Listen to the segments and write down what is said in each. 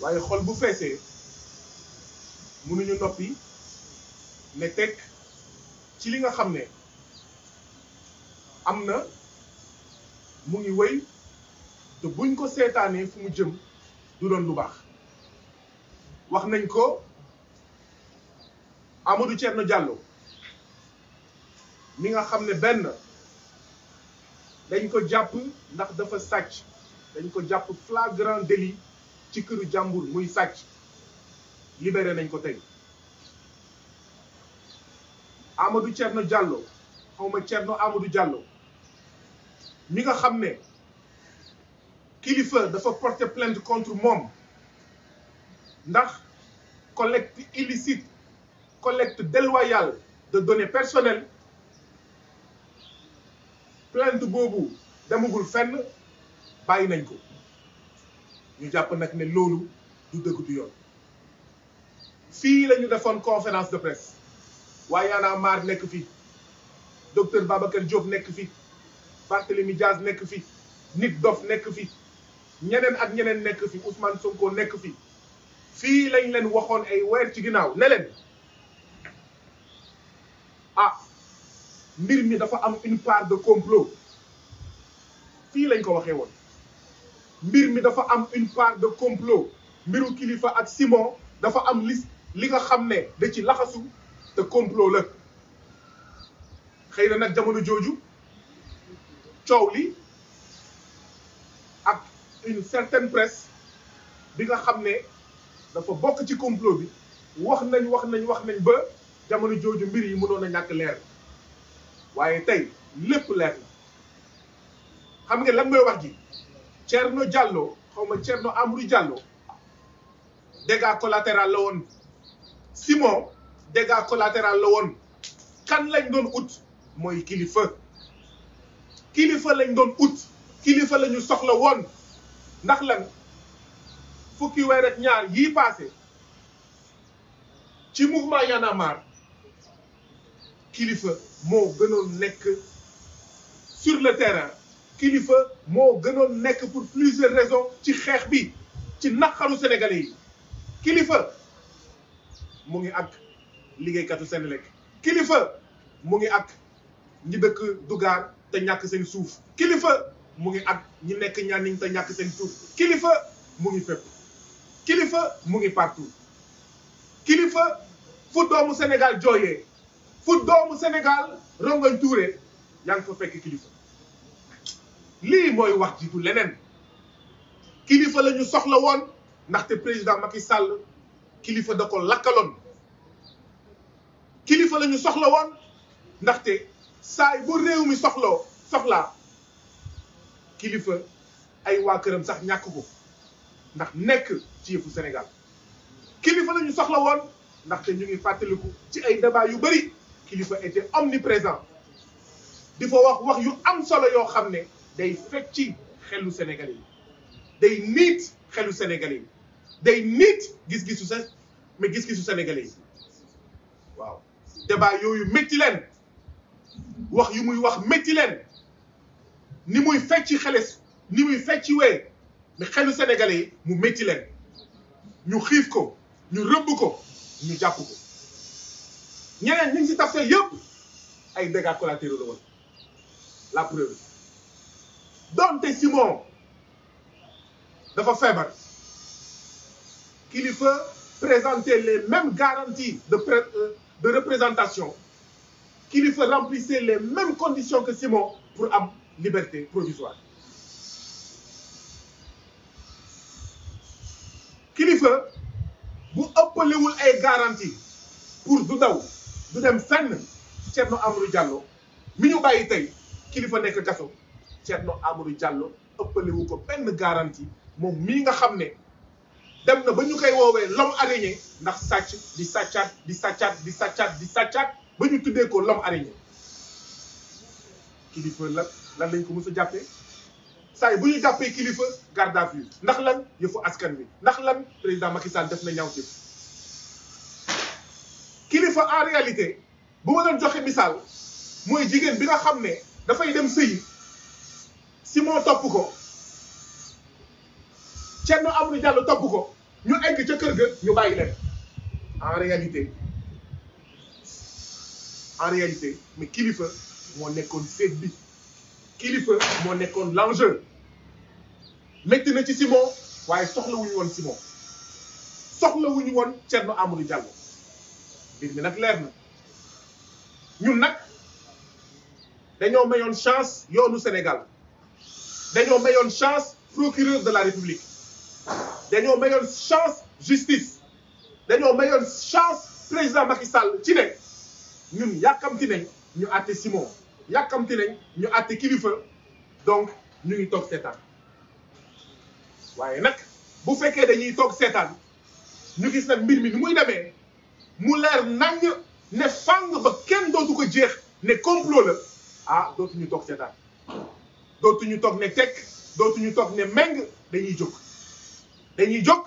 waaye xol bu feesee mënuñu noppi ne teg ci li nga xam ne am na mu ngi wéy te buñ ko seetaanee fu mu jëm du doon lu baax wax nañ ko Amadou Thierno Diallo mi nga xam ne benn dañ ko jàpp ndax dafa sàcc dañ ko jàpp flagrant délit ci këru jàmbur muy sàcc libéré nañ ko tey Amadou Thierno Diallo xawma Thierno amadu Diallo mi nga xam ne kilifa dafa porter plainte contre moom ndax collecte illicite collecte déloyale de données personnelles plainte boobu demagul fenn bàyyi nañ ko ñu jàpp nag ne loolu du dëgg du yoon fii la defoon conférence de presse waaye yaanaa maar nekk fi docteur Babacar Diop nekk fi Barthélémy Diaz nekk fi nit dof nekk fi ñeneen ak ñeneen nekk fi Ousmane Sonko nekk fi fii lañ leen waxoon ay weer ci ginnaaw ne leen ah mbir mi dafa am une part de complot fii lañ ko waxee woon mbir mi dafa am une part de complot mbiru kilifa ak Simon dafa am lis li nga xam ne da ci laxasu te complot la xëy na nag jamono jooju coow li ak une certaine presse bi nga xam ne dafa bokk ci complot bi wax nañ wax nañ wax nañ ba jamono jooju mbir yi mënoon a ñàkk leer waaye tey lépp leer na xam nga lan mooy wax ji Thierno jàlloo xaw ma Thierno Amadou Diallo dégâts collatéral la woon Simon dégâts collatéral la woon kan lañ doon ut mooy kilifa kilifa lañ doon ut kilifa la ñu soxla woon ndax lan fukki weer ak ñaar yii passé ci mouvement Y en a kilifa moo gënoon nekk sur le terrain kilifa moo gënoon nekk pour plusieurs raisons ci xeex bi ci naqaru sénégalais yi kilifa mu ngi ak liggéeykatu Senelec kilifa mu ngi ak ñi dëkk Dugar te ñàkk seen suuf kilifa mu ngi ak ñi nekk ñaanin te ñàkk seen suuf kilifa mu ngi fépp kilifa mu ngi partout kilifa fu doomu Sénégal jooyee fu doomu Sénégal rongoñ tuure yaa ngi fa fekk kilifa lii mooy wax ji leneen kilifa la soxla woon ndaxte président Macky sàll kilifa da ko lakkaloon kilifa lañu ñu soxla woon ndaxte saay bu réew mi soxloo soxlaa kilifa ay waa këram sax ñàkk ko ndax nekk ci yëfu Sénégal kilifa la ñu soxla woon ndaxte ñu ngi fàttaliku ci ay débat yu bari kilifa était omniprésent di fa wax wax yu am solo yoo xam ne day fecci xelu Sénégalais day niit xelu Sénégalais day niit gis-gisu sa mais gis-gisu Sénégalais waaw débat yooyu métti leen wax yu muy wax métti leen ni muy fecci xeles ni muy fecci wee mais xelu sénégalais yi mu métti leen ñu xiif ko ñu rëbb ko ñu jàpp ko ñeneen ñu ngi ci tafte yëpp ay dégâts collatéraux la woon la preuve donte Simon dafa feebar kilifa présenter les mêmes garanties de euh, de représentation kilifa remplissait les mêmes conditions que Simon pour am liberté provisoire nga bu ëppalewul ay garantie pour du daw du dem fenn Thierno Amadou Diallo mi ñu bàyyi tey kilifa nekk kaso Thierno Amadou Diallo ëppalewu ko benn garantie moom mii nga xam ne dem na ba ñu koy woowee l'homme araignée ndax sàcc di sàccaat di sàccaat di sàccaat di sàccaat ba ñu tuddee ko l'homme araignée kilifa la lan dañ ko mës a jàppee saa yi bu ñuy jàppee kilifa garde à vue ndax lan yëfu askan wi ndax lan président Macky Sall def na ñaaw ci kilifa en réalité bu ma doon joxe misaal mooy jigéen bi nga xam ne dafay dem sëyi si moo topp ko Thierno Amadou Diallo topp ko ñu egg ca kër ga ñu bàyyi leen en réalité en réalité mais kilifa moo nekkoon seet bi kilifa moo nekkoon l'enjeu métti na ci Simon waaye soxlawuñu woon Simon soxlawuñu woon Thierno Amadou Diallo mbir mi nag leer na ñun nag dañoo mayoon chance yoonu Sénégal dañoo mayoon chance procureur de la République dañoo mayoon chance justice dañoo mayoon chance président Macky Sall ci ne ñun yàkkamti nañ ñu àtte Simon yàkkamti nañ ñu àtte kilifa donc ñu toog seetaan waaye nag bu fekkee dañuy toog seetaan ñu gis nag mbir mi ni muy demee mu leer nañ ne fàng ba kenn dootu ko jeex ne complot la ah dootuñu toog seetaan dootuñu toog ne tekk dootuñu toog ne méng dañuy jóg dañuy jóg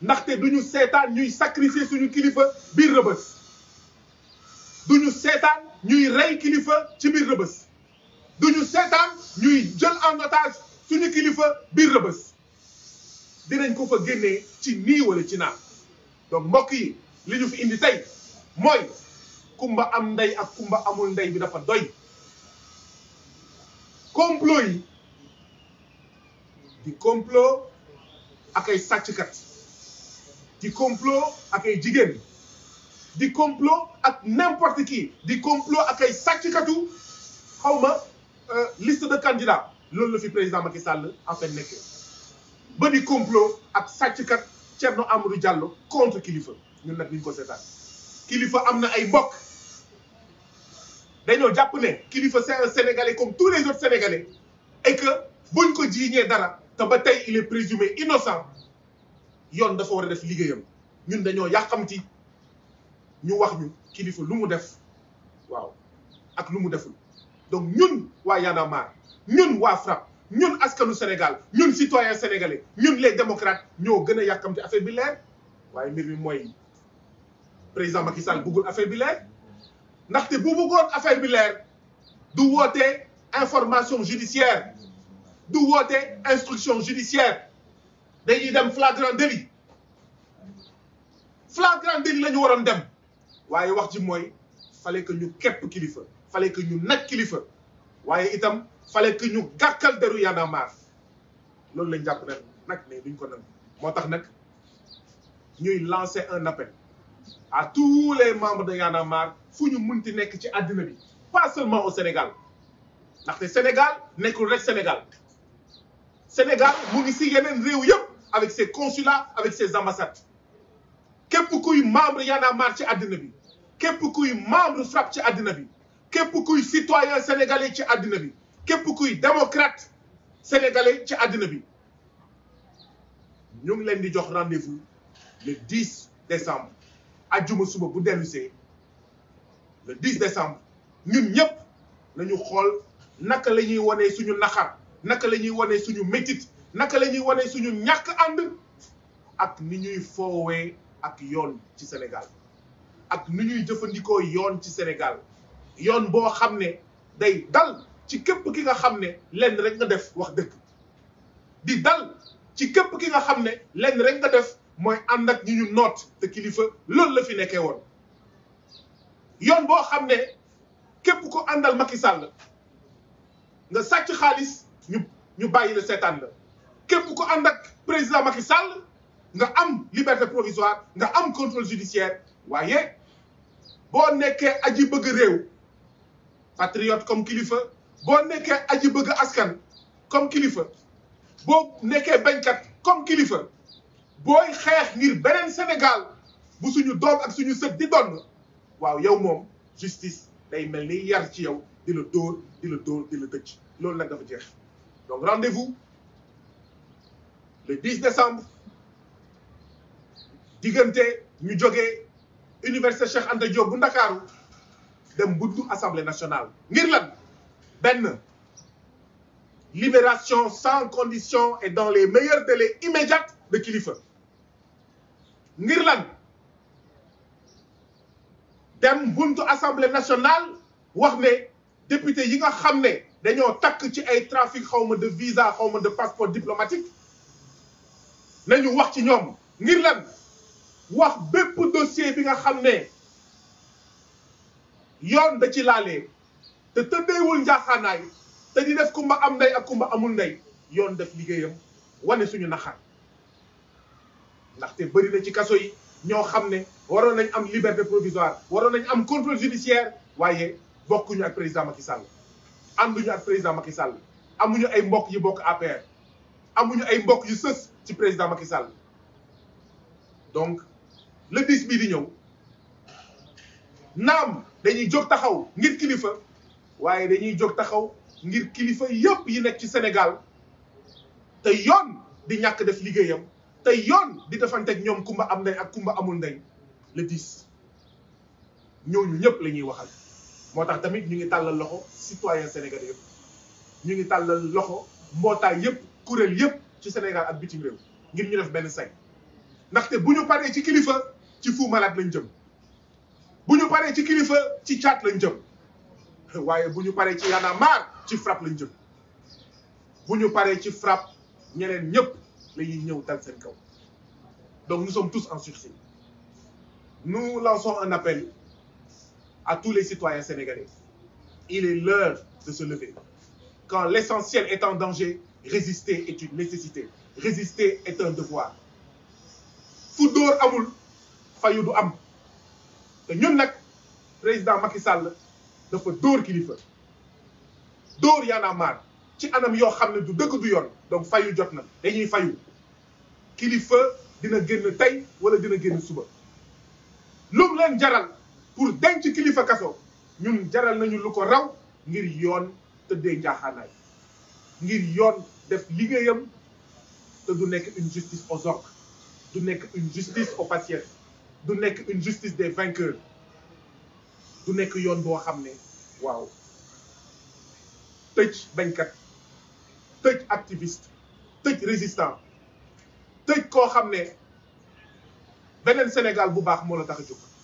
ndaxte duñu seetaan ñuy sacrifier suñu kilifa biir rëbës duñu seetaan ñuy rey kilifa ci biir rëbës duñu seetaan ñuy jël en otage suñu kilifa biir rëbës dinañ ko fa génnee ci nii wala ci naa donc mbokk yi li ñu fi indi tey mooy kumba am ndey ak kumba amul ndey bi dafa doy complot yi di complot ak ay sàcckat di complot ak ay jigéen di complot ak n'importe qui di complot ak ay sàcckatu xaw ma euh, liste de candidats loolu la fi président Macky Sall en fait nekkee ba di complot ak sàcckat Thierno Amadou Diallo contre Kilifeu ñun nag ñu ko seetaan Kilifeu am na ay mbokk dañoo jàpp ne kilifa c'est un sénégalais comme tous les autres sénégalais et que buñ ko jiiñee dara te ba tey il est présumé innocent yoon dafa war a def liggéeyam ñun dañoo yàqamti ñu wax ñu kilifa lu mu def waaw ak lu mu deful donc ñun waa Y en a marre ñun waa FRAPP ñun askanu Sénégal ñun citoyen sénégalais ñun les démocrates ñoo gën a yàkkam yàkkamte affaire bi leer waaye mbir mi mooy président Macky Sall affaire bi leer ndaxte bu bëggoon affaire bi leer du woote information judiciaire du woote instruction judiciaire dañuy dem flagrant délit flagrant délit la ñu waroon dem waaye wax ji mooy fallait que ñu képp kilifa fallait ñu nag kilifa waaye itam fallait que ñu gàkkal deru Y'en loolu lañ jàpp nag nag ne duñ ko nangu moo tax nag ñuy lancer un appel à tous les membres de Y'en a marre fu ñu munti nekk ci àddina bi pas seulement au Sénégal ndaxte Sénégal nekkul rek Sénégal Sénégal mu ngi si yeneen réew yëpp avec ses consulats avec ses ambassades képp kuy membre Y'en a ci àddina bi képp kuy membre FRAPP ci àddina bi képp kuy citoyen sénégalais ci àddina bi képp kuy démocrate sénégalais ci àddina bi ñu leen di jox rendez-vous le 10 décembre ajjuma suba bu dellusee le 10 décembre ñun ñëpp nañu xool naka la ñuy wanee suñu naxar naka la ñuy wanee suñu métit naka lañuy ñuy wanee suñu ñàkk ànd ak ni ñuy foowee ak yoon ci Sénégal ak nu ñuy jëfandikoo yoon ci Sénégal yoon boo xam ne day dal ci képp ki nga xam ne lenn rek nga def wax dëkk di dal ci képp ki nga xam ne lenn rek nga def mooy ànd ak ñi ñu noot te kilifa loolu la fi nekkee woon yoon boo xam ne képp ko àndal Macky sàll nga sàcc xaalis ñu ñu bàyyi la seetaan la képp ko ànd ak président Macky sàll nga am liberté provisoire nga am contrôle judiciaire waaye boo nekkee aji bëgg réew patriote comme kilifa boo nekkee aji bëgg askan comme kilifa boo nekkee bañkat comme kilifa booy xeex ngir beneen Sénégal bu suñu doom ak suñu sët di donn waaw yow moom justice day mel ni yar ci yow di la dóor di la dóor di la tëj loolu nag dafa jeex donc rendez-vous le 10 décembre diggante ñu jógee université Cheikh Anta Diop bu Ndakaaru dem buddu assemblée nationale ngir lan benn libération sans condition et dans les meilleurs délais immédiats de Kilifeu ngir lan dem buntu assemblée nationale wax ne député yi nga xam ne dañoo takk ci ay trafic xawma de visa xawma de passeport diplomatique nañu wax ci ñoom ngir lan wax bépp dossier bi nga xam ne yoon da ci laalee te tëddeewul njaaxaanaay te di def kumba am ndey ak kumba amul ndey yoon def liggéeyam wane suñu naxar ndaxte bëri na ci kaso yi ñoo xam ne waroon nañ am liberté provisoire waroon nañ am contrôle judiciaire waaye bokkuñu ak président Macky Sall ànduñu ak président Macky amuñu ay mbokk yu bokk APR amuñu ay mbokk yu sës ci président Macky Sall donc le 10 bii di ñëw naam dañuy jóg taxaw ngir kilifa waaye dañuy jóg taxaw ngir kilifa yëpp yi nekk ci Sénégal te yoon di ñàkk def liggéeyam te yoon di defanteeg ñoom kumba am ndey ak kumba amul ndey le 10 ñooñu ñëpp la ñuy waxal. moo tax tamit ñu ngi tàllal loxo citoyen sénégalais yëpp ñu ngi tàllal loxo mbootaay yëpp kuréel yëpp ci Sénégal ak bitim réew ngir ñu def benn say ndaxte bu ñu paree ci kilifa. ci Fou Malade lañ jëm bu ñu paree ci kilifa ci caat lañ jëm waaye bu ñu paree ci Y'en a ci frappe lañ jëm bu ñu paree ci frappe ñeneen ñëpp lañuy ñëw dal seen kaw donc nous sommes tous en sursis nous lançons un appel à tous les citoyens sénégalais il est l'heure de se lever quand l'essentiel est en danger résister est une nécessité résister est un devoir fu dóor amul fayu du am te ñun nag président Macky Sall dafa dóor kilifa dóor Y'en a marre ci anam yoo xam ne du dëgg du yoon donc fayu jot na dañuy fayu kilifa dina génn tey wala dina génn suba lum leen jaral pour denc kilifa kaso ñun jaral nañu lu ko raw ngir yoon tëddee njaaxaanaay ngir yoon def liggéeyam te du nekk une justice aux orques du nekk une justice aux patients du nekk une justice des vainqueurs du nekk yoon boo xam ne waaw tëj bañkat tëj activiste tëj résistant tëj koo xam ne beneen Sénégal bu baax moo la tax a jóg